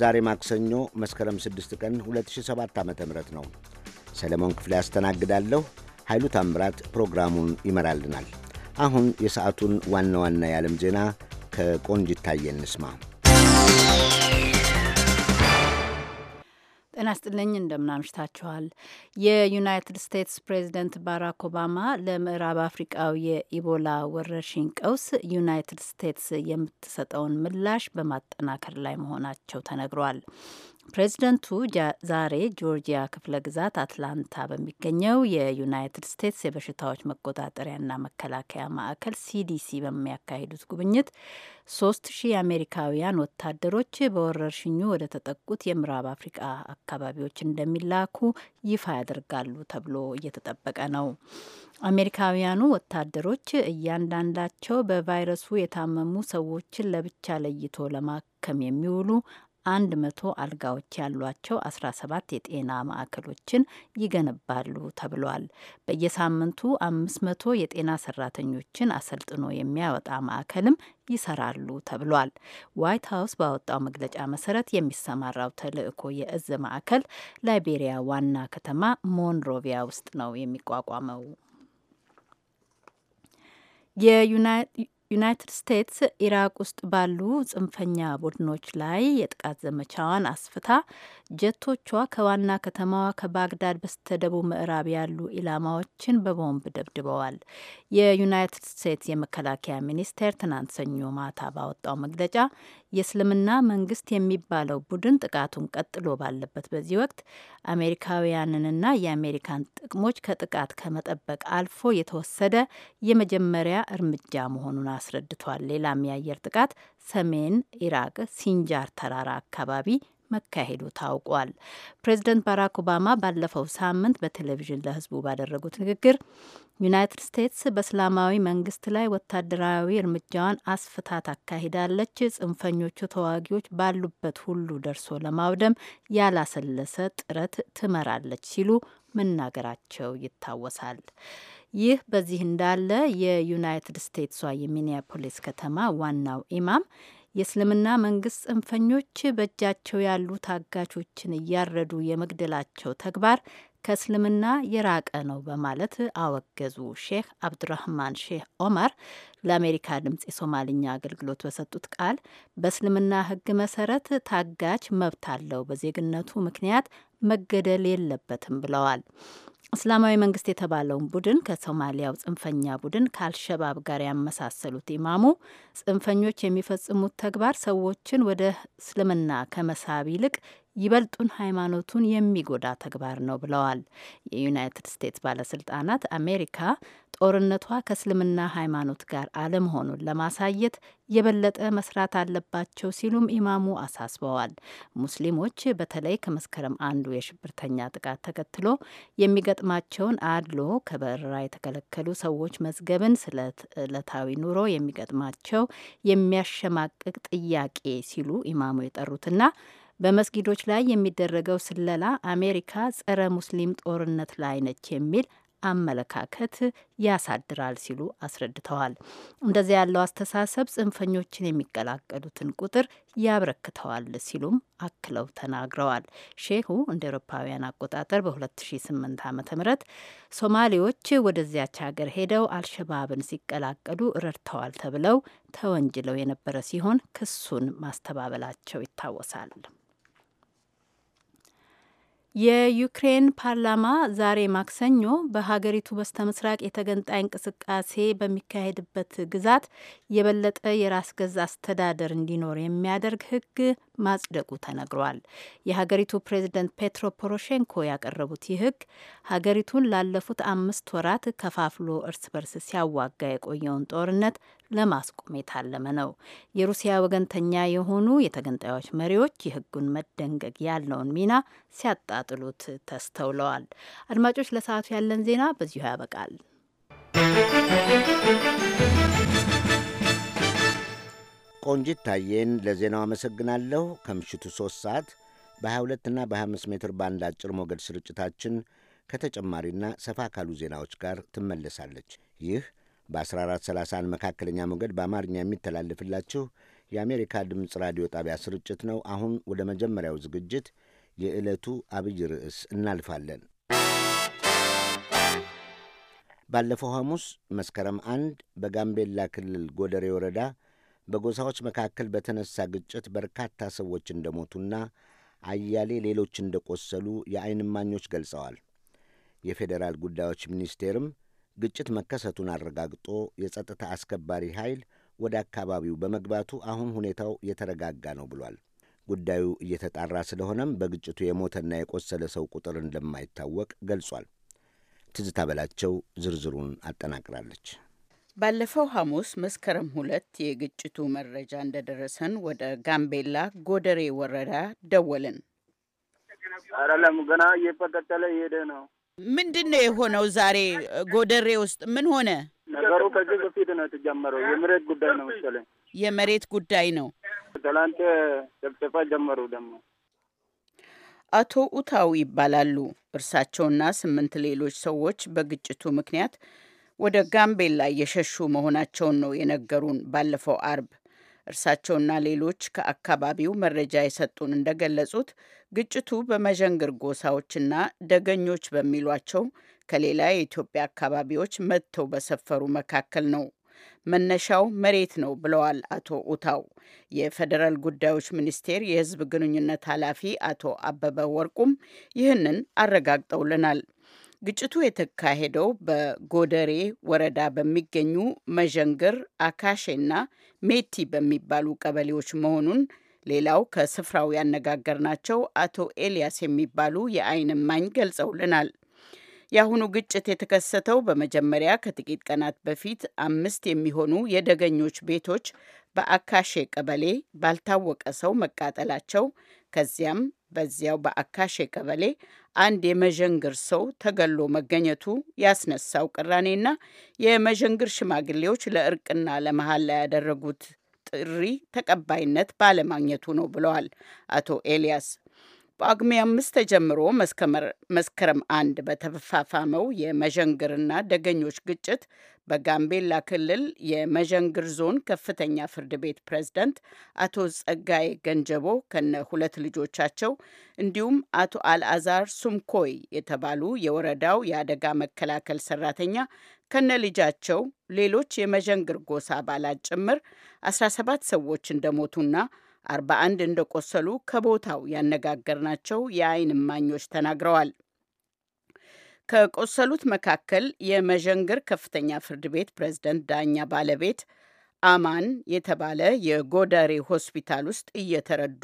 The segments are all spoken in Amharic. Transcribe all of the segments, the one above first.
ዛሬ ማክሰኞ መስከረም 6 ቀን 2007 ዓ ም ነው። ሰለሞን ክፍሌ ያስተናግዳለሁ። ኃይሉ ታምራት ፕሮግራሙን ይመራልናል። አሁን የሰዓቱን ዋና ዋና የዓለም ዜና ከቆንጅ ታየ እንስማ። ጤና ስጥልኝ እንደምናምሽታችኋል። የዩናይትድ ስቴትስ ፕሬዚደንት ባራክ ኦባማ ለምዕራብ አፍሪቃው የኢቦላ ወረርሽኝ ቀውስ ዩናይትድ ስቴትስ የምትሰጠውን ምላሽ በማጠናከር ላይ መሆናቸው ተነግሯል። ፕሬዚደንቱ ዛሬ ጆርጂያ ክፍለ ግዛት አትላንታ በሚገኘው የዩናይትድ ስቴትስ የበሽታዎች መቆጣጠሪያና መከላከያ ማዕከል ሲዲሲ በሚያካሂዱት ጉብኝት ሶስት ሺህ አሜሪካውያን ወታደሮች በወረርሽኙ ወደ ተጠቁት የምዕራብ አፍሪቃ አካባቢዎች እንደሚላኩ ይፋ ያደርጋሉ ተብሎ እየተጠበቀ ነው። አሜሪካውያኑ ወታደሮች እያንዳንዳቸው በቫይረሱ የታመሙ ሰዎችን ለብቻ ለይቶ ለማከም የሚውሉ አንድ መቶ አልጋዎች ያሏቸው ሰባት የጤና ማዕከሎችን ይገነባሉ ተብሏል። በየሳምንቱ መቶ የጤና ሰራተኞችን አሰልጥኖ የሚያወጣ ማዕከልም ይሰራሉ ተብሏል። ዋይት ሀውስ ባወጣው መግለጫ መሰረት የሚሰማራው ተልዕኮ የእዝ ማዕከል ላይቤሪያ ዋና ከተማ ሞንሮቪያ ውስጥ ነው የሚቋቋመው። ዩናይትድ ስቴትስ ኢራቅ ውስጥ ባሉ ጽንፈኛ ቡድኖች ላይ የጥቃት ዘመቻዋን አስፍታ ጀቶቿ ከዋና ከተማዋ ከባግዳድ በስተደቡብ ምዕራብ ያሉ ኢላማዎችን በቦምብ ደብድበዋል። የዩናይትድ ስቴትስ የመከላከያ ሚኒስቴር ትናንት ሰኞ ማታ ባወጣው መግለጫ የእስልምና መንግስት የሚባለው ቡድን ጥቃቱን ቀጥሎ ባለበት በዚህ ወቅት አሜሪካውያንንና የአሜሪካን ጥቅሞች ከጥቃት ከመጠበቅ አልፎ የተወሰደ የመጀመሪያ እርምጃ መሆኑን አስረድቷል። ሌላም የአየር ጥቃት ሰሜን ኢራቅ ሲንጃር ተራራ አካባቢ መካሄዱ ታውቋል። ፕሬዚደንት ባራክ ኦባማ ባለፈው ሳምንት በቴሌቪዥን ለሕዝቡ ባደረጉት ንግግር ዩናይትድ ስቴትስ በእስላማዊ መንግስት ላይ ወታደራዊ እርምጃዋን አስፍታ ታካሂዳለች፣ ጽንፈኞቹ ተዋጊዎች ባሉበት ሁሉ ደርሶ ለማውደም ያላሰለሰ ጥረት ትመራለች ሲሉ መናገራቸው ይታወሳል። ይህ በዚህ እንዳለ የዩናይትድ ስቴትሷ የሚኒያፖሊስ ከተማ ዋናው ኢማም የእስልምና መንግስት ጽንፈኞች በእጃቸው ያሉ ታጋቾችን እያረዱ የመግደላቸው ተግባር ከእስልምና የራቀ ነው በማለት አወገዙ። ሼህ አብዱራህማን ሼህ ኦማር ለአሜሪካ ድምጽ የሶማልኛ አገልግሎት በሰጡት ቃል በእስልምና ሕግ መሰረት ታጋች መብት አለው፣ በዜግነቱ ምክንያት መገደል የለበትም ብለዋል። እስላማዊ መንግስት የተባለውን ቡድን ከሶማሊያው ጽንፈኛ ቡድን ከአልሸባብ ጋር ያመሳሰሉት ኢማሙ ጽንፈኞች የሚፈጽሙት ተግባር ሰዎችን ወደ እስልምና ከመሳብ ይልቅ ይበልጡን ሃይማኖቱን የሚጎዳ ተግባር ነው ብለዋል። የዩናይትድ ስቴትስ ባለስልጣናት አሜሪካ ጦርነቷ ከእስልምና ሃይማኖት ጋር አለመሆኑን ለማሳየት የበለጠ መስራት አለባቸው ሲሉም ኢማሙ አሳስበዋል። ሙስሊሞች በተለይ ከመስከረም አንዱ የሽብርተኛ ጥቃት ተከትሎ የሚገጥማቸውን አድሎ ከበረራ የተከለከሉ ሰዎች መዝገብን ስለ ዕለታዊ ኑሮ የሚገጥማቸው የሚያሸማቅቅ ጥያቄ ሲሉ ኢማሙ የጠሩትና በመስጊዶች ላይ የሚደረገው ስለላ አሜሪካ ጸረ ሙስሊም ጦርነት ላይ ነች የሚል አመለካከት ያሳድራል ሲሉ አስረድተዋል። እንደዚ ያለው አስተሳሰብ ጽንፈኞችን የሚቀላቀሉትን ቁጥር ያብረክተዋል ሲሉም አክለው ተናግረዋል። ሼሁ እንደ ኤሮፓውያን አቆጣጠር በ2008 ዓ ም ሶማሌዎች ወደዚያች ሀገር ሄደው አልሸባብን ሲቀላቀሉ ረድተዋል ተብለው ተወንጅለው የነበረ ሲሆን ክሱን ማስተባበላቸው ይታወሳል። የዩክሬን ፓርላማ ዛሬ ማክሰኞ በሀገሪቱ በስተ ምስራቅ የተገንጣይ እንቅስቃሴ በሚካሄድበት ግዛት የበለጠ የራስ ገዝ አስተዳደር እንዲኖር የሚያደርግ ሕግ ማጽደቁ ተነግሯል። የሀገሪቱ ፕሬዚደንት ፔትሮ ፖሮሼንኮ ያቀረቡት ይህ ህግ ሀገሪቱን ላለፉት አምስት ወራት ከፋፍሎ እርስ በርስ ሲያዋጋ የቆየውን ጦርነት ለማስቆም የታለመ ነው። የሩሲያ ወገንተኛ የሆኑ የተገንጣዮች መሪዎች የህጉን መደንገግ ያለውን ሚና ሲያጣጥሉት ተስተውለዋል። አድማጮች፣ ለሰዓቱ ያለን ዜና በዚሁ ያበቃል። ቆንጂት ታዬን ለዜናው አመሰግናለሁ። ከምሽቱ 3 ሰዓት በ22 እና በ25 ሜትር ባንድ አጭር ሞገድ ስርጭታችን ከተጨማሪና ሰፋ ካሉ ዜናዎች ጋር ትመለሳለች። ይህ በ1431 መካከለኛ ሞገድ በአማርኛ የሚተላለፍላችሁ የአሜሪካ ድምፅ ራዲዮ ጣቢያ ስርጭት ነው። አሁን ወደ መጀመሪያው ዝግጅት የዕለቱ አብይ ርዕስ እናልፋለን። ባለፈው ሐሙስ መስከረም አንድ በጋምቤላ ክልል ጎደሬ ወረዳ በጎሳዎች መካከል በተነሳ ግጭት በርካታ ሰዎች እንደሞቱና አያሌ ሌሎች እንደቆሰሉ የዓይን እማኞች ገልጸዋል። የፌዴራል ጉዳዮች ሚኒስቴርም ግጭት መከሰቱን አረጋግጦ የጸጥታ አስከባሪ ኃይል ወደ አካባቢው በመግባቱ አሁን ሁኔታው የተረጋጋ ነው ብሏል። ጉዳዩ እየተጣራ ስለሆነም በግጭቱ የሞተና የቆሰለ ሰው ቁጥር እንደማይታወቅ ገልጿል። ትዝታ በላቸው ዝርዝሩን አጠናቅራለች። ባለፈው ሐሙስ መስከረም ሁለት የግጭቱ መረጃ እንደደረሰን ወደ ጋምቤላ ጎደሬ ወረዳ ደወልን። አይደለም ገና እየተቀጠለ እየሄደ ነው። ምንድን ነው የሆነው? ዛሬ ጎደሬ ውስጥ ምን ሆነ? ነገሩ ከዚህ በፊት ነው የተጀመረው። የመሬት ጉዳይ ነው መሰለኝ። የመሬት ጉዳይ ነው። ትላንት ጨፍጨፋ ጀመሩ። ደግሞ አቶ ኡታው ይባላሉ። እርሳቸውና ስምንት ሌሎች ሰዎች በግጭቱ ምክንያት ወደ ጋምቤላ እየሸሹ መሆናቸውን ነው የነገሩን። ባለፈው አርብ እርሳቸውና ሌሎች ከአካባቢው መረጃ የሰጡን እንደገለጹት ግጭቱ በመዠንግር ጎሳዎችና ደገኞች በሚሏቸው ከሌላ የኢትዮጵያ አካባቢዎች መጥተው በሰፈሩ መካከል ነው። መነሻው መሬት ነው ብለዋል አቶ ኡታው። የፌዴራል ጉዳዮች ሚኒስቴር የሕዝብ ግንኙነት ኃላፊ አቶ አበበ ወርቁም ይህንን አረጋግጠውልናል። ግጭቱ የተካሄደው በጎደሬ ወረዳ በሚገኙ መዠንግር፣ አካሼና ሜቲ በሚባሉ ቀበሌዎች መሆኑን ሌላው ከስፍራው ያነጋገርናቸው አቶ ኤልያስ የሚባሉ የአይን እማኝ ገልጸውልናል። የአሁኑ ግጭት የተከሰተው በመጀመሪያ ከጥቂት ቀናት በፊት አምስት የሚሆኑ የደገኞች ቤቶች በአካሼ ቀበሌ ባልታወቀ ሰው መቃጠላቸው ከዚያም በዚያው በአካሼ ቀበሌ አንድ የመዠንግር ሰው ተገሎ መገኘቱ ያስነሳው ቅራኔና የመዠንግር ሽማግሌዎች ለእርቅና ለመሐላ ያደረጉት ጥሪ ተቀባይነት ባለማግኘቱ ነው ብለዋል አቶ ኤልያስ በጳጉሜ አምስት ተጀምሮ መስከረም አንድ በተፋፋመው የመዠንግርና ደገኞች ግጭት በጋምቤላ ክልል የመዠንግር ዞን ከፍተኛ ፍርድ ቤት ፕሬዝዳንት አቶ ጸጋይ ገንጀቦ ከነ ሁለት ልጆቻቸው እንዲሁም አቶ አልአዛር ሱምኮይ የተባሉ የወረዳው የአደጋ መከላከል ሰራተኛ ከነ ልጃቸው ሌሎች የመዠንግር ጎሳ አባላት ጭምር 17 ሰዎች እንደሞቱና 41 እንደቆሰሉ ከቦታው ያነጋገርናቸው የአይን እማኞች ተናግረዋል። ከቆሰሉት መካከል የመዠንግር ከፍተኛ ፍርድ ቤት ፕሬዝደንት ዳኛ ባለቤት አማን የተባለ የጎደሬ ሆስፒታል ውስጥ እየተረዱ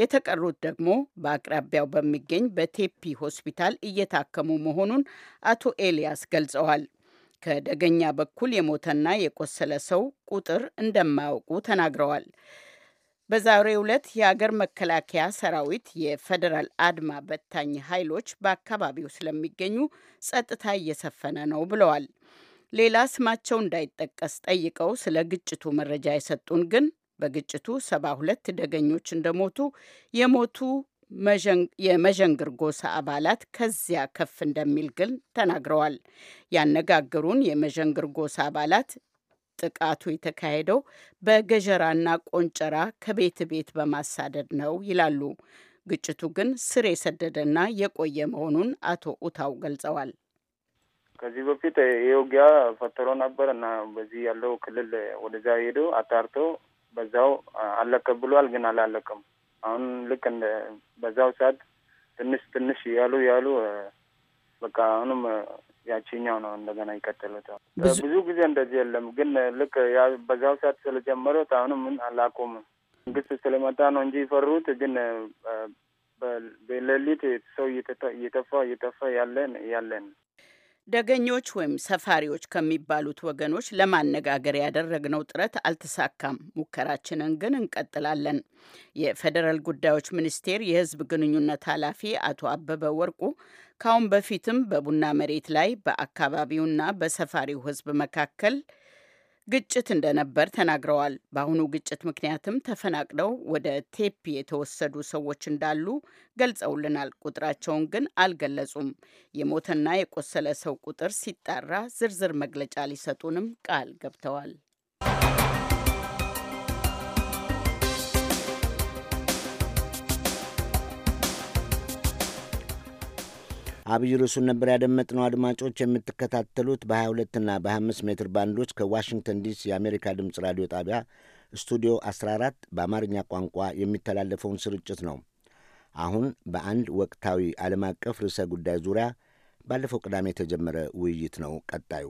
የተቀሩት ደግሞ በአቅራቢያው በሚገኝ በቴፒ ሆስፒታል እየታከሙ መሆኑን አቶ ኤልያስ ገልጸዋል። ከደገኛ በኩል የሞተና የቆሰለ ሰው ቁጥር እንደማያውቁ ተናግረዋል። በዛሬው ዕለት የአገር መከላከያ ሰራዊት የፌዴራል አድማ በታኝ ኃይሎች በአካባቢው ስለሚገኙ ጸጥታ እየሰፈነ ነው ብለዋል። ሌላ ስማቸው እንዳይጠቀስ ጠይቀው ስለ ግጭቱ መረጃ የሰጡን ግን በግጭቱ ሰባ ሁለት ደገኞች እንደሞቱ የሞቱ የመዠንግር ጎሳ አባላት ከዚያ ከፍ እንደሚል ግን ተናግረዋል። ያነጋገሩን የመዠንግር ጎሳ አባላት ጥቃቱ የተካሄደው በገጀራና ቆንጨራ ከቤት ቤት በማሳደድ ነው ይላሉ። ግጭቱ ግን ስር የሰደደና የቆየ መሆኑን አቶ ኡታው ገልጸዋል። ከዚህ በፊት ይህ ውጊያ ፈጥሮ ነበር እና በዚህ ያለው ክልል ወደዛ ሄዶ አጣርቶ በዛው አለቀ ብሏል። ግን አላለቀም። አሁን ልክ እንደ በዛው ሰዓት ትንሽ ትንሽ ያሉ ያሉ በቃ አሁንም ያችኛው ነው እንደገና ይቀጥሉት። ብዙ ጊዜ እንደዚህ የለም ግን ልክ በዛው ሰዓት ስለጀመሩት አሁንም ምን አላቆሙም። መንግስት ስለመጣ ነው እንጂ ይፈሩት ግን በሌሊት ሰው እየጠፋ እየጠፋ ያለን ያለን ደገኞች ወይም ሰፋሪዎች ከሚባሉት ወገኖች ለማነጋገር ያደረግነው ጥረት አልተሳካም። ሙከራችንን ግን እንቀጥላለን። የፌዴራል ጉዳዮች ሚኒስቴር የሕዝብ ግንኙነት ኃላፊ አቶ አበበ ወርቁ ካሁን በፊትም በቡና መሬት ላይ በአካባቢውና በሰፋሪው ሕዝብ መካከል ግጭት እንደነበር ተናግረዋል። በአሁኑ ግጭት ምክንያትም ተፈናቅለው ወደ ቴፒ የተወሰዱ ሰዎች እንዳሉ ገልጸውልናል። ቁጥራቸውን ግን አልገለጹም። የሞተና የቆሰለ ሰው ቁጥር ሲጣራ ዝርዝር መግለጫ ሊሰጡንም ቃል ገብተዋል። አብይ ርዕሱን ነበር ያደመጥነው። አድማጮች የምትከታተሉት በ22ና በ25 ሜትር ባንዶች ከዋሽንግተን ዲሲ የአሜሪካ ድምፅ ራዲዮ ጣቢያ ስቱዲዮ 14 በአማርኛ ቋንቋ የሚተላለፈውን ስርጭት ነው። አሁን በአንድ ወቅታዊ ዓለም አቀፍ ርዕሰ ጉዳይ ዙሪያ ባለፈው ቅዳሜ የተጀመረ ውይይት ነው ቀጣዩ።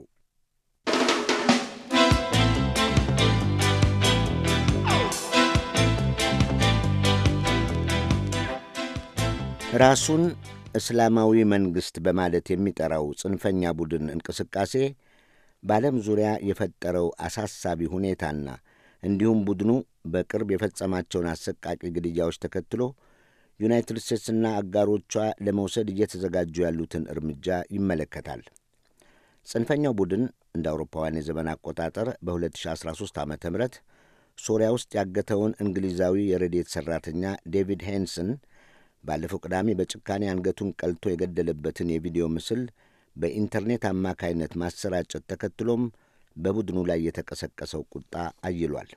ራሱን እስላማዊ መንግሥት በማለት የሚጠራው ጽንፈኛ ቡድን እንቅስቃሴ በዓለም ዙሪያ የፈጠረው አሳሳቢ ሁኔታና እንዲሁም ቡድኑ በቅርብ የፈጸማቸውን አሰቃቂ ግድያዎች ተከትሎ ዩናይትድ ስቴትስና አጋሮቿ ለመውሰድ እየተዘጋጁ ያሉትን እርምጃ ይመለከታል። ጽንፈኛው ቡድን እንደ አውሮፓውያን የዘመን አቆጣጠር በ2013 ዓ ም ሶሪያ ውስጥ ያገተውን እንግሊዛዊ የረድኤት ሠራተኛ ዴቪድ ሄንስን ባለፈው ቅዳሜ በጭካኔ አንገቱን ቀልቶ የገደለበትን የቪዲዮ ምስል በኢንተርኔት አማካይነት ማሰራጨት ተከትሎም በቡድኑ ላይ የተቀሰቀሰው ቁጣ አይሏል።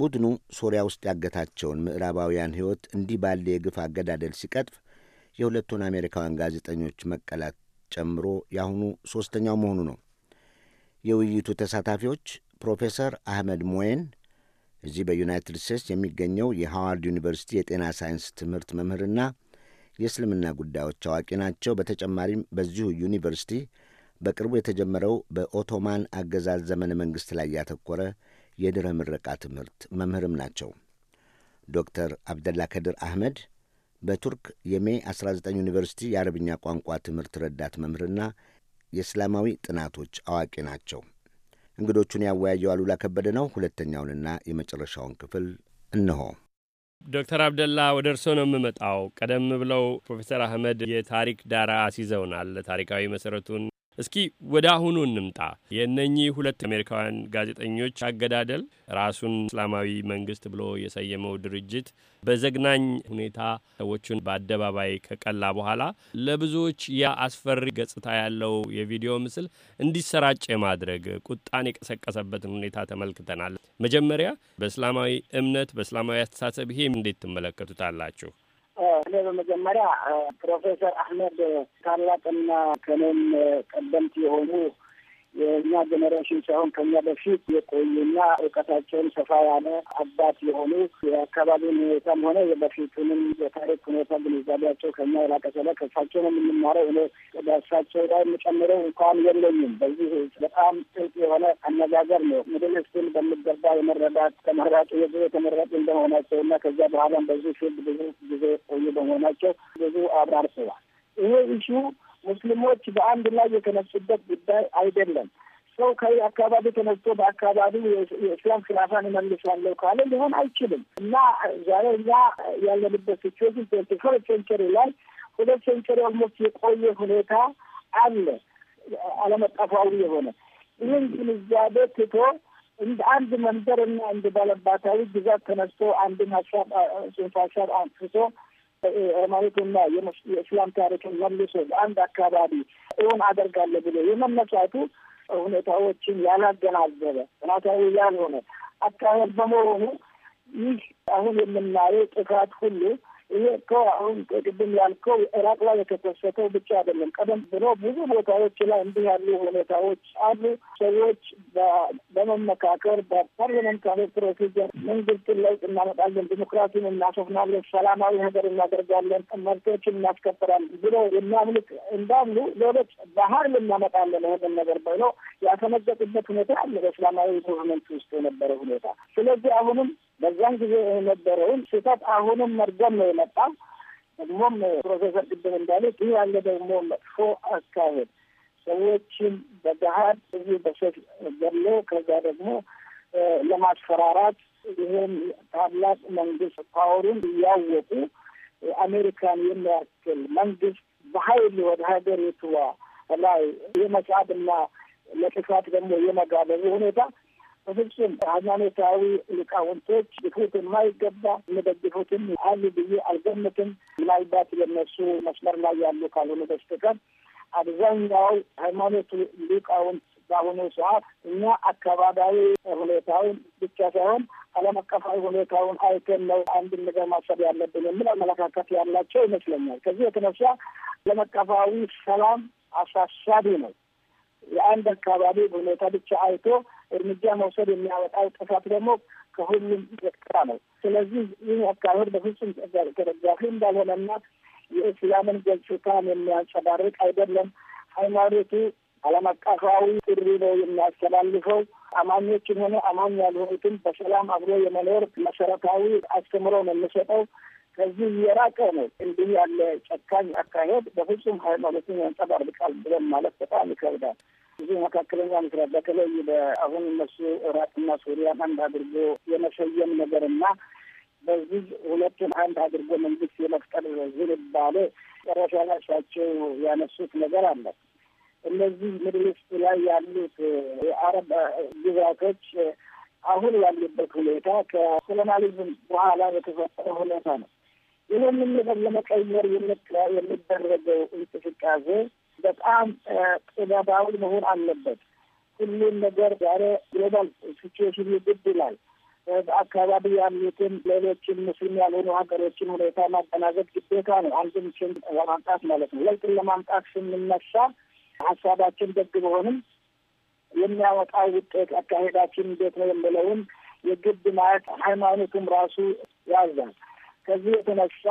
ቡድኑ ሶሪያ ውስጥ ያገታቸውን ምዕራባውያን ሕይወት እንዲህ ባለ የግፍ አገዳደል ሲቀጥፍ የሁለቱን አሜሪካውያን ጋዜጠኞች መቀላት ጨምሮ የአሁኑ ሦስተኛው መሆኑ ነው። የውይይቱ ተሳታፊዎች ፕሮፌሰር አህመድ ሞዬን እዚህ በዩናይትድ ስቴትስ የሚገኘው የሃዋርድ ዩኒቨርሲቲ የጤና ሳይንስ ትምህርት መምህርና የእስልምና ጉዳዮች አዋቂ ናቸው። በተጨማሪም በዚሁ ዩኒቨርሲቲ በቅርቡ የተጀመረው በኦቶማን አገዛዝ ዘመነ መንግሥት ላይ ያተኮረ የድረ ምረቃ ትምህርት መምህርም ናቸው። ዶክተር አብደላ ከድር አህመድ በቱርክ የሜ 19 ዩኒቨርሲቲ የአረብኛ ቋንቋ ትምህርት ረዳት መምህርና የእስላማዊ ጥናቶች አዋቂ ናቸው። እንግዶቹን ያወያየው አሉላ ከበደ ነው። ሁለተኛውንና የመጨረሻውን ክፍል እነሆ። ዶክተር አብደላ ወደ እርስዎ ነው የምመጣው። ቀደም ብለው ፕሮፌሰር አህመድ የታሪክ ዳራ አስይዘውናል። ታሪካዊ መሰረቱን እስኪ ወደ አሁኑ እንምጣ። የእነኚህ ሁለት አሜሪካውያን ጋዜጠኞች አገዳደል ራሱን እስላማዊ መንግስት ብሎ የሰየመው ድርጅት በዘግናኝ ሁኔታ ሰዎቹን በአደባባይ ከቀላ በኋላ ለብዙዎች ያ አስፈሪ ገጽታ ያለው የቪዲዮ ምስል እንዲሰራጭ የማድረግ ቁጣን የቀሰቀሰበትን ሁኔታ ተመልክተናል። መጀመሪያ በእስላማዊ እምነት፣ በእስላማዊ አስተሳሰብ ይሄም እንዴት ትመለከቱታላችሁ? እኔ በመጀመሪያ ፕሮፌሰር አህመድ ታላቅና ከኔም ቀደምት የሆኑ የእኛ ጀኔሬሽን ሳይሆን ከኛ በፊት የቆዩና እውቀታቸውን ሰፋ ያለ አባት የሆኑ የአካባቢውን ሁኔታም ሆነ የበፊቱንም የታሪክ ሁኔታ ግንዛቤያቸው ከኛ የላቀ ስለ ከሳቸው ነው የምንማረው። እኔ በእሳቸው ላይ የምጨምረው እንኳን የለኝም። በዚህ በጣም ጥልቅ የሆነ አነጋገር ነው። ምድል ስትን በሚገባ የመረዳት ተመራጭ የጊዜ ተመራጭ እንደመሆናቸው እና ከዚያ በኋላም በዚህ ፊልድ ብዙ ጊዜ ቆዩ በመሆናቸው ብዙ አብራርተዋል። ይሄ ኢሹ ሙስሊሞች በአንድ ላይ የተነሱበት ጉዳይ አይደለም። ሰው ከአካባቢ ተነስቶ በአካባቢ የእስላም ክላፋን እመልሳለሁ ካለ ሊሆን አይችልም እና ዛሬ እኛ ያለንበት ሲቹዌሽን ትዌንቲ ፎርት ሴንቸሪ ላይ ሁለት ሴንቸሪ ኦልሞስት የቆየ ሁኔታ አለ አለመጠፋዊ የሆነ ይህን ግንዛቤ ትቶ እንደ አንድ መንደር እና እንደ ባለባታዊ ግዛት ተነስቶ አንድን ሀሳብ ጽንሰ ሀሳብ አንስቶ ሃይማኖትና የእስላም ታሪክን መልሶ በአንድ አካባቢ እሆን አደርጋለሁ ብሎ የመነሳቱ ሁኔታዎችን ያላገናዘበ ምናታዊ ያልሆነ አካባቢ በመሆኑ ይህ አሁን የምናየው ጥፋት ሁሉ ይሄ እኮ አሁን ቅድም ያልከው ኢራቅ ላይ የተከሰተው ብቻ አይደለም። ቀደም ብሎ ብዙ ቦታዎች ላይ እንዲህ ያሉ ሁኔታዎች አሉ። ሰዎች በመመካከር በፓርሊመንታዊ ፕሮሲጀር መንግስትን ለውጥ እናመጣለን፣ ዲሞክራሲን እናሰፍናለን፣ ሰላማዊ ነገር እናደርጋለን፣ መብቶችን እናስከበራለን ብሎ የሚያምልክ እንዳሉ ሌሎች በሀይል እናመጣለን ይህንን ነገር ብለው ያፈነገጡበት ሁኔታ አለ። በእስላማዊ ሙቭመንት ውስጥ የነበረ ሁኔታ ስለዚህ አሁንም በዛን ጊዜ የነበረውን ስህተት አሁንም መድገም ነው የመጣው። ደግሞም ፕሮፌሰር ግድብ እንዳለ ይህ ያለ ደግሞ መጥፎ አካሄድ ሰዎችን በገሀድ እዚህ በሰፍ ገሎ ከዛ ደግሞ ለማስፈራራት ይህም ታላቅ መንግስት ፓወሩን እያወቁ አሜሪካን የሚያክል መንግስት በሀይል ወደ ሀገሪቷ ላይ የመሳብና ለጥፋት ደግሞ የመጋበዙ ሁኔታ በፍጹም ሃይማኖታዊ ሊቃውንቶች ሊክሩት የማይገባ የሚደግፉትም አሉ ብዬ አልገምትም። ምናልባት የነሱ መስመር ላይ ያሉ ካልሆነ በስተቀር አብዛኛው ሃይማኖቱ ሊቃውንት በአሁኑ ሰዓት እኛ አካባቢያዊ ሁኔታውን ብቻ ሳይሆን ዓለም አቀፋዊ ሁኔታውን አይተን ነው አንድ ነገር ማሰብ ያለብን የሚል አመለካከት ያላቸው ይመስለኛል። ከዚህ የተነሳ ዓለም አቀፋዊ ሰላም አሳሳቢ ነው። የአንድ አካባቢ ሁኔታ ብቻ አይቶ እርምጃ መውሰድ የሚያወጣው ጥፋት ደግሞ ከሁሉም የቀራ ነው። ስለዚህ ይህ አካሄድ በፍጹም ተደጋፊ እንዳልሆነና የእስላምን ገጽታን የሚያንጸባርቅ አይደለም። ሃይማኖቱ ዓለም አቀፋዊ ጥሪ ነው የሚያስተላልፈው። አማኞችን ሆነ አማኝ ያልሆኑትን በሰላም አብሮ የመኖር መሰረታዊ አስተምሮ ነው የሚሰጠው። ከዚህ የራቀ ነው። እንዲህ ያለ ጨካኝ አካሄድ በፍጹም ሃይማኖትን ያንጸባርቃል ብለን ማለት በጣም ይከብዳል። እዚህ መካከለኛ ምስራቅ በተለይ በአሁን እነሱ ኢራቅና ሱሪያን አንድ አድርጎ የመሰየም ነገርና በዚህ ሁለቱን አንድ አድርጎ መንግስት የመፍጠር ዝንባሌ ጨረሻ ላይ እሳቸው ያነሱት ነገር አለ። እነዚህ ሚድል ኢስት ላይ ያሉት የአረብ ግዛቶች አሁን ያሉበት ሁኔታ ከኮሎናሊዝም በኋላ የተፈጠረ ሁኔታ ነው። ይህንን ነገር ለመቀየር የሚደረገው እንቅስቃሴ በጣም ጥበባዊ መሆን አለበት። ሁሉም ነገር ዛሬ ግሎባል ሲቹዌሽን ግድ ይላል። በአካባቢ ያሉትን ሌሎችን ሙስሊም ያልሆኑ ሀገሮችን ሁኔታ ማገናዘብ ግዴታ ነው። አንድ ችን ለማምጣት ማለት ነው። ለውጥን ለማምጣት ስንነሳ ሀሳባችን ደግ ቢሆንም የሚያወጣው ውጤት አካሄዳችን እንዴት ነው የምለውን የግድ ማየት ሃይማኖቱም ራሱ ያዛል። ከዚህ የተነሳ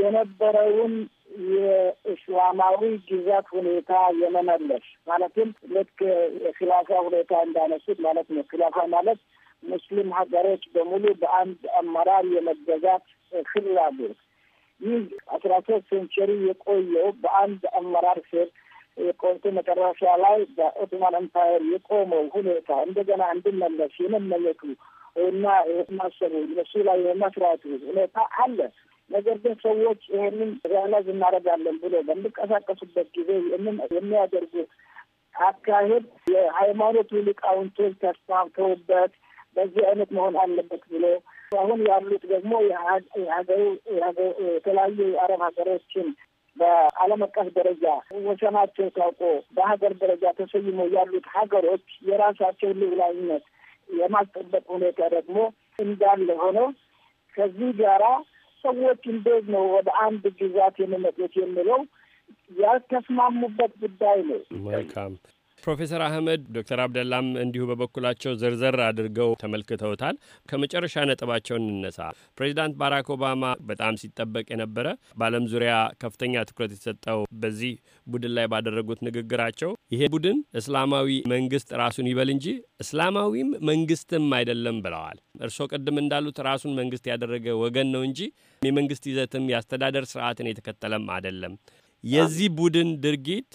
የነበረውን የእስላማዊ ግዛት ሁኔታ የመመለስ ማለትም ልክ የክላፋ ሁኔታ እንዳነሱት ማለት ነው። ክላፋ ማለት ሙስሊም ሀገሮች በሙሉ በአንድ አመራር የመገዛት ፍላጎት። ይህ አስራ ሶስት ሴንቸሪ የቆየው በአንድ አመራር ስር የቆይቶ መጨረሻ ላይ በኦቶማን ኤምፓየር የቆመው ሁኔታ እንደገና እንድመለስ የመመኘቱ እና የማሰቡ እነሱ ላይ የመስራቱ ሁኔታ አለ። ነገር ግን ሰዎች ይህንን ሪያላይዝ እናደርጋለን ብሎ በሚንቀሳቀሱበት ጊዜ ይህንን የሚያደርጉት አካሄድ የሃይማኖቱ ሊቃውንቶች ተስፋፍተውበት በዚህ አይነት መሆን አለበት ብሎ አሁን ያሉት ደግሞ የሀገሩ የተለያዩ አረብ ሀገሮችን በዓለም አቀፍ ደረጃ ወሰናቸው ታውቆ በሀገር ደረጃ ተሰይሞ ያሉት ሀገሮች የራሳቸው ልዑላዊነት የማስጠበቅ ሁኔታ ደግሞ እንዳለ ሆኖ ከዚህ ጋራ ሰዎች እንዴት ነው ወደ አንድ ግዛት የሚመጡት የሚለው ያልተስማሙበት ጉዳይ ነው። መልካም ፕሮፌሰር አህመድ ዶክተር አብደላም እንዲሁ በበኩላቸው ዝርዘር አድርገው ተመልክተውታል። ከመጨረሻ ነጥባቸው እንነሳ። ፕሬዚዳንት ባራክ ኦባማ በጣም ሲጠበቅ የነበረ በዓለም ዙሪያ ከፍተኛ ትኩረት የተሰጠው በዚህ ቡድን ላይ ባደረጉት ንግግራቸው ይሄ ቡድን እስላማዊ መንግስት ራሱን ይበል እንጂ እስላማዊም መንግስትም አይደለም ብለዋል። እርስዎ ቅድም እንዳሉት ራሱን መንግስት ያደረገ ወገን ነው እንጂ የመንግስት ይዘትም የአስተዳደር ስርዓትን የተከተለም አይደለም። የዚህ ቡድን ድርጊት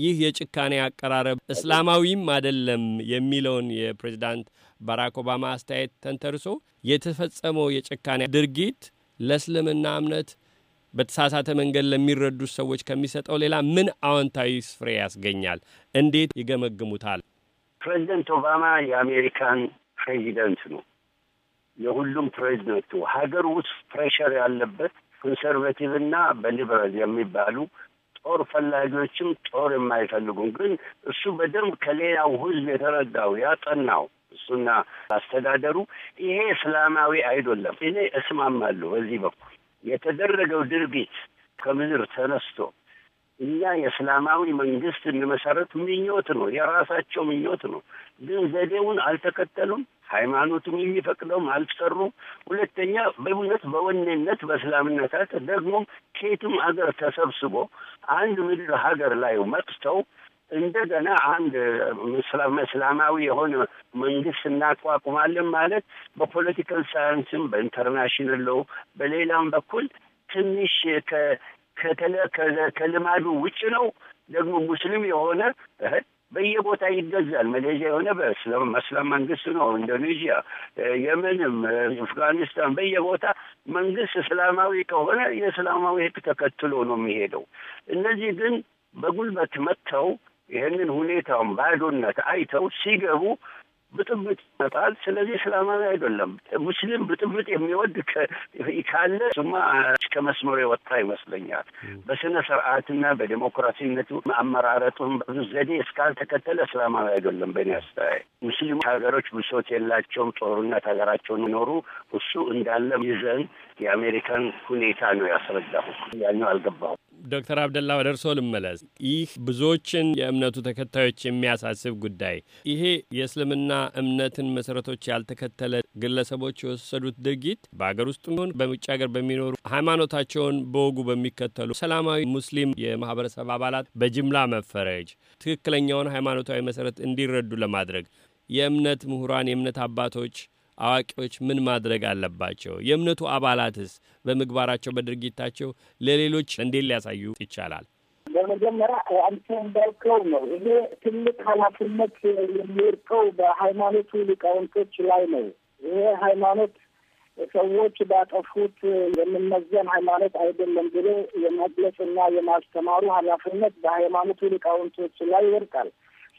ይህ የጭካኔ አቀራረብ እስላማዊም አይደለም የሚለውን የፕሬዚዳንት ባራክ ኦባማ አስተያየት ተንተርሶ የተፈጸመው የጭካኔ ድርጊት ለእስልምና እምነት በተሳሳተ መንገድ ለሚረዱት ሰዎች ከሚሰጠው ሌላ ምን አዎንታዊ ስፍሬ ያስገኛል? እንዴት ይገመግሙታል? ፕሬዚደንት ኦባማ የአሜሪካን ፕሬዚደንት ነው። የሁሉም ፕሬዚደንቱ ሀገር ውስጥ ፕሬሸር ያለበት ኮንሰርቬቲቭ እና በሊበራል የሚባሉ ጦር ፈላጊዎችም ጦር የማይፈልጉም ግን እሱ በደንብ ከሌላው ህዝብ የተረዳው ያጠናው እሱና አስተዳደሩ ይሄ እስላማዊ አይደለም። እኔ እስማማለሁ። በዚህ በኩል የተደረገው ድርጊት ከምድር ተነስቶ እኛ የእስላማዊ መንግስት እንመሰረት ምኞት ነው፣ የራሳቸው ምኞት ነው። ግን ዘዴውን አልተከተሉም። ሃይማኖቱን የሚፈቅደውም አልሰሩም። ሁለተኛ በእውነት በወኔነት በእስላምነታት ታተ ደግሞ ከየትም አገር ተሰብስቦ አንድ ምድር ሀገር ላይ መጥተው እንደገና አንድ እስላማዊ የሆነ መንግስት እናቋቁማለን ማለት በፖለቲካል ሳይንስም በኢንተርናሽናል ሎው በሌላም በኩል ትንሽ ከተለ ከልማዱ ውጭ ነው። ደግሞ ሙስሊም የሆነ እህት በየቦታ ይገዛል። ማሌዥያ የሆነ በመስላም መንግስት ነው፣ ኢንዶኔዥያ፣ የመንም አፍጋኒስታን፣ በየቦታ መንግስት እስላማዊ ከሆነ የእስላማዊ ህግ ተከትሎ ነው የሚሄደው። እነዚህ ግን በጉልበት መጥተው ይህንን ሁኔታውን ባዶነት አይተው ሲገቡ ብጥብጥ ይመጣል። ስለዚህ ሰላማዊ አይደለም። ሙስሊም ብጥብጥ የሚወድ ካለ ስማ ከመስመሩ የወጣ ይመስለኛል። በስነ ስርዓትና በዲሞክራሲነቱ አመራረጡን ብዙ ዘዴ እስካልተከተለ እስላማዊ አይደለም። በእኔ አስተያየት ሙስሊም ሀገሮች ብሶት የላቸውም። ጦርነት ሀገራቸውን ይኖሩ እሱ እንዳለ ይዘን የአሜሪካን ሁኔታ ነው ያስረዳሁ። ያኛው አልገባሁም። ዶክተር አብደላ ወደ ልመለስ። ይህ ብዙዎችን የእምነቱ ተከታዮች የሚያሳስብ ጉዳይ ይሄ የእስልምና እምነትን መሰረቶች ያልተከተለ ግለሰቦች የወሰዱት ድርጊት በአገር ውስጥ ሆን በውጭ ሀገር በሚኖሩ ሃይማኖታቸውን በወጉ በሚከተሉ ሰላማዊ ሙስሊም የማህበረሰብ አባላት በጅምላ መፈረጅ ትክክለኛውን ሃይማኖታዊ መሰረት እንዲረዱ ለማድረግ የእምነት ምሁራን የእምነት አባቶች አዋቂዎች ምን ማድረግ አለባቸው? የእምነቱ አባላትስ በምግባራቸው በድርጊታቸው ለሌሎች እንዴት ሊያሳዩ ይቻላል? በመጀመሪያ አንተ እንዳልከው ነው። ይሄ ትልቅ ኃላፊነት የሚወድቀው በሃይማኖቱ ሊቃውንቶች ላይ ነው። ይሄ ሃይማኖት ሰዎች ባጠፉት የምንመዘን ሃይማኖት አይደለም ብሎ የመግለጽና የማስተማሩ ኃላፊነት በሃይማኖቱ ሊቃውንቶች ላይ ይወድቃል።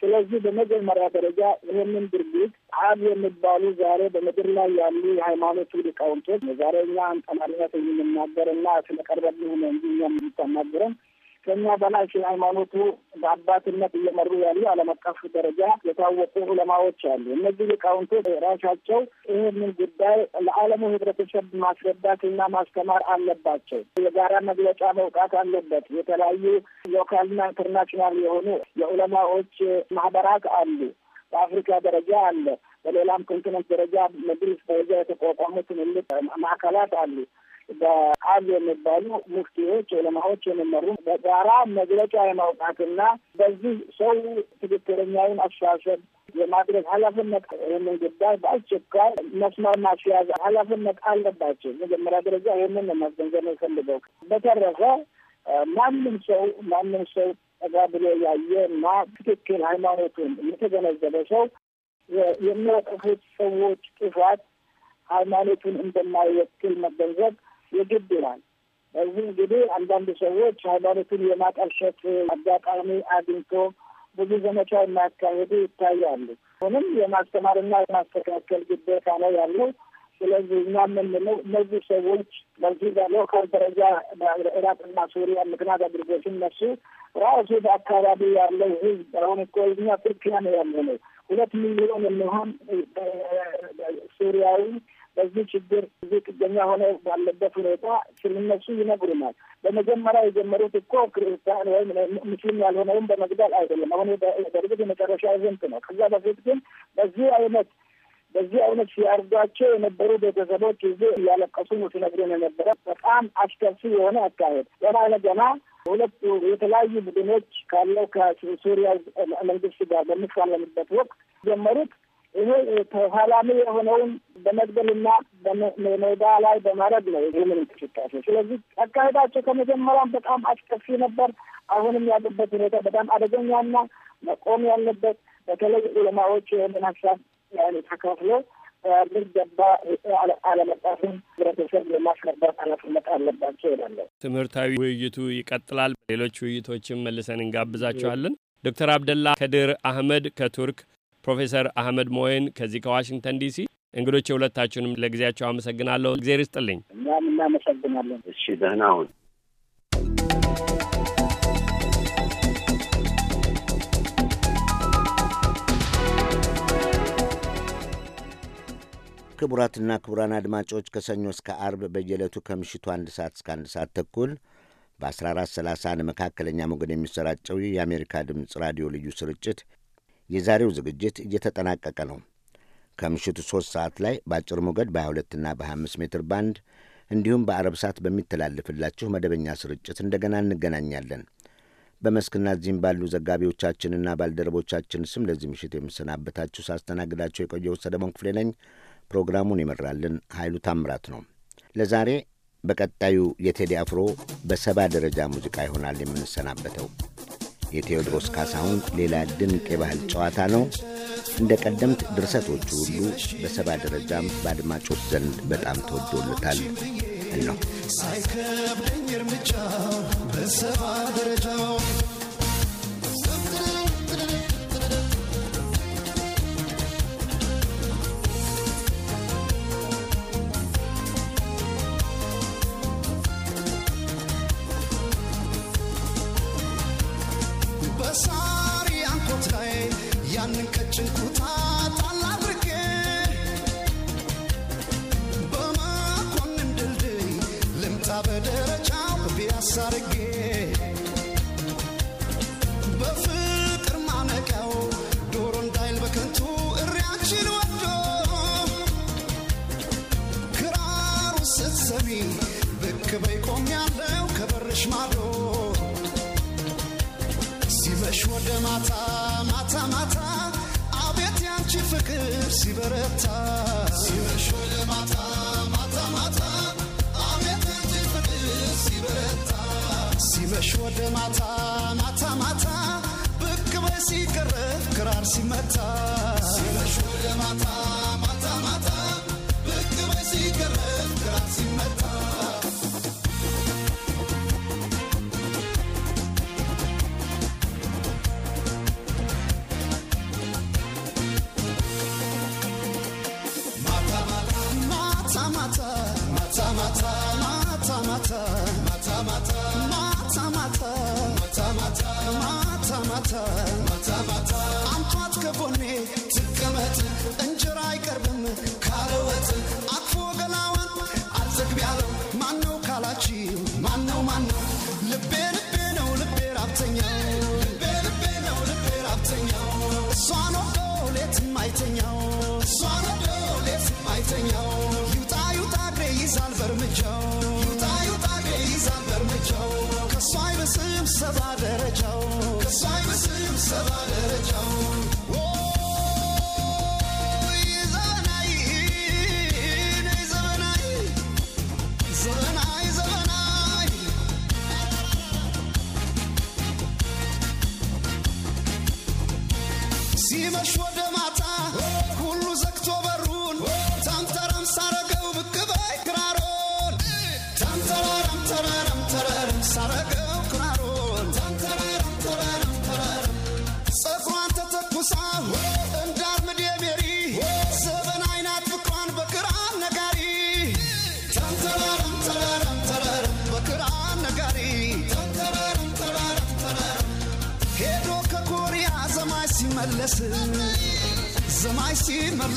ስለዚህ በመጀመሪያ ደረጃ ይህንን ድርጊት አብ የሚባሉ ዛሬ በምድር ላይ ያሉ የሃይማኖቱ ሊቃውንቶች ዛሬ እኛ አንጠላነት የምንናገር እና ስለቀረብን ነው እንጂ እኛ የምንተናገረን ከኛ በላይ ሃይማኖቱ በአባትነት እየመሩ ያሉ ዓለም አቀፍ ደረጃ የታወቁ ዑለማዎች አሉ። እነዚህ ሊቃውንቶች ራሳቸው ይህንን ጉዳይ ለዓለሙ ህብረተሰብ ማስረዳትና ማስተማር አለባቸው። የጋራ መግለጫ መውጣት አለበት። የተለያዩ ሎካልና ኢንተርናሽናል የሆኑ የዑለማዎች ማህበራት አሉ። በአፍሪካ ደረጃ አለ። በሌላም ኮንቲነንት ደረጃ መድሪስ ደረጃ የተቋቋሙ ትልልቅ ማዕከላት አሉ። በአል የሚባሉ ሙፍቲዎች ዑለማዎች የሚመሩ በጋራ መግለጫ የማውጣትና በዚህ ሰው ትክክለኛውን አስተሳሰብ የማድረግ ኃላፊነት ይህንን ጉዳይ በአስቸኳይ መስመር ማስያዝ ኃላፊነት አለባቸው። መጀመሪያ ደረጃ ይህንን መገንዘብ የፈልገው በተረፈ ማንም ሰው ማንም ሰው ጠጋ ብሎ ያየ እና ትክክል ሃይማኖቱን የተገነዘበ ሰው የሚወቅፉት ሰዎች ጥፋት ሃይማኖቱን እንደማይወክል መገንዘብ የግድ ይላል። በዚህ እንግዲህ አንዳንድ ሰዎች ሃይማኖቱን የማጠልሸት አጋጣሚ አግኝቶ ብዙ ዘመቻ የማያካሄዱ ይታያሉ። ሆንም የማስተማርና የማስተካከል ግዴታ ነው ያለው። ስለዚህ እኛ የምንለው እነዚህ ሰዎች በዚህ በሎካል ደረጃ በኢራቅና ሱሪያ ምክንያት አድርጎ ሲነሱ ራሱ በአካባቢ ያለው ህዝብ አሁን እኮ እኛ ቱርኪያ ነው ያለ ነው ሁለት ሚሊዮን የሚሆን ሱሪያዊ በዚህ ችግር እዚህ ጥገኛ ሆነ ባለበት ሁኔታ ስልነሱ ይነግሩናል። በመጀመሪያ የጀመሩት እኮ ክርስቲያን ወይም ሙስሊም ያልሆነውን በመግደል አይደለም። አሁን በእርግጥ የመጨረሻ ኢቨንት ነው። ከዛ በፊት ግን በዚህ አይነት በዚህ አይነት ሲያርዷቸው የነበሩ ቤተሰቦች እዚህ እያለቀሱ ነው ሲነግሩን የነበረ። በጣም አስከፊ የሆነ አካሄድ ገና ገና ሁለቱ የተለያዩ ቡድኖች ካለው ከሱሪያ መንግስት ጋር በሚፋለምበት ወቅት ጀመሩት ይሄ ተኋላሚ የሆነውን በመግደልና ሜዳ ላይ በማድረግ ነው ይህንን እንቅስቃሴ። ስለዚህ አካሄዳቸው ከመጀመሪያም በጣም አስከፊ ነበር። አሁንም ያሉበት ሁኔታ በጣም አደገኛና መቆም ያለበት በተለይ ዑለማዎች ይህንን ሀሳብ ተካፍሎ በሚገባ አለመጣፍን ህብረተሰብ የማስረዳት ኃላፊነት አለባቸው ይላለሁ። ትምህርታዊ ውይይቱ ይቀጥላል። ሌሎች ውይይቶችን መልሰን እንጋብዛችኋለን። ዶክተር አብደላ ከድር አህመድ ከቱርክ ፕሮፌሰር አህመድ ሞይን ከዚህ ከዋሽንግተን ዲሲ እንግዶች የሁለታችሁንም ለጊዜያቸው አመሰግናለሁ። እግዜር ይስጥልኝ። እኛም እናመሰግናለን። እሺ ደህና አሁን ክቡራትና ክቡራን አድማጮች ከሰኞ እስከ አርብ በየዕለቱ ከምሽቱ አንድ ሰዓት እስከ አንድ ሰዓት ተኩል በ1430 መካከለኛ ሞገድ የሚሰራጨው የአሜሪካ ድምፅ ራዲዮ ልዩ ስርጭት የዛሬው ዝግጅት እየተጠናቀቀ ነው። ከምሽቱ 3 ሰዓት ላይ በአጭር ሞገድ በ22 እና በ25 ሜትር ባንድ እንዲሁም በአረብ ሰዓት በሚተላለፍላችሁ መደበኛ ስርጭት እንደገና እንገናኛለን። በመስክና እዚህም ባሉ ዘጋቢዎቻችንና ባልደረቦቻችን ስም ለዚህ ምሽት የምሰናበታችሁ ሳስተናግዳቸው የቆየው ሰለሞን ክፍሌ ነኝ። ፕሮግራሙን ይመራልን ኃይሉ ታምራት ነው። ለዛሬ በቀጣዩ የቴዲ አፍሮ በሰባ ደረጃ ሙዚቃ ይሆናል የምንሰናበተው። የቴዎድሮስ ካሳሁን ሌላ ድንቅ የባህል ጨዋታ ነው። እንደ ቀደምት ድርሰቶቹ ሁሉ በሰባ ደረጃም በአድማጮች ዘንድ በጣም ተወዶለታል ነው። ሳይከብደኝ እርምጃው በሰባ ደረጃው ትራዬ ያንን ቀጭን ፍቅር ሲበረታ ሲመሽ ወደ ማታ ማታ ማታ አቤት እንጂ ፍቅር ሲበረታ ሲመሽ ወደ ማታ ማታ ማታ ብቅ በይ ሲቀረብ ክራር ሲመታ ሲመሽ ወደ ማታ ማታ ማታ ብቅ በይ ሲቀረብ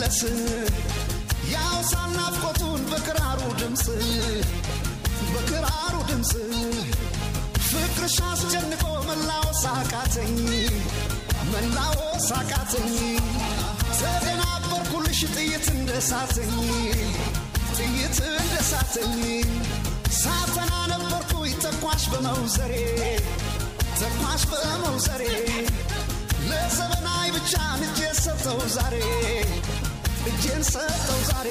መመለስ ያውሳ ናፍቆቱን በክራሩ ድምፅ በክራሩ ድምፅ ፍቅርሽ አስጨንቆ መላወስ አቃተኝ መላወስ አቃተኝ ተደናበርኩልሽ ጥይት እንደሳተኝ ጥይት እንደሳተኝ ሳተና ነበርኩኝ ተኳሽ በመውዘሬ ተኳሽ በመውዘሬ ለዘመናይ ብቻ ልጄ ሰጠው ዛሬ እጄን ሰጠው ዛሬ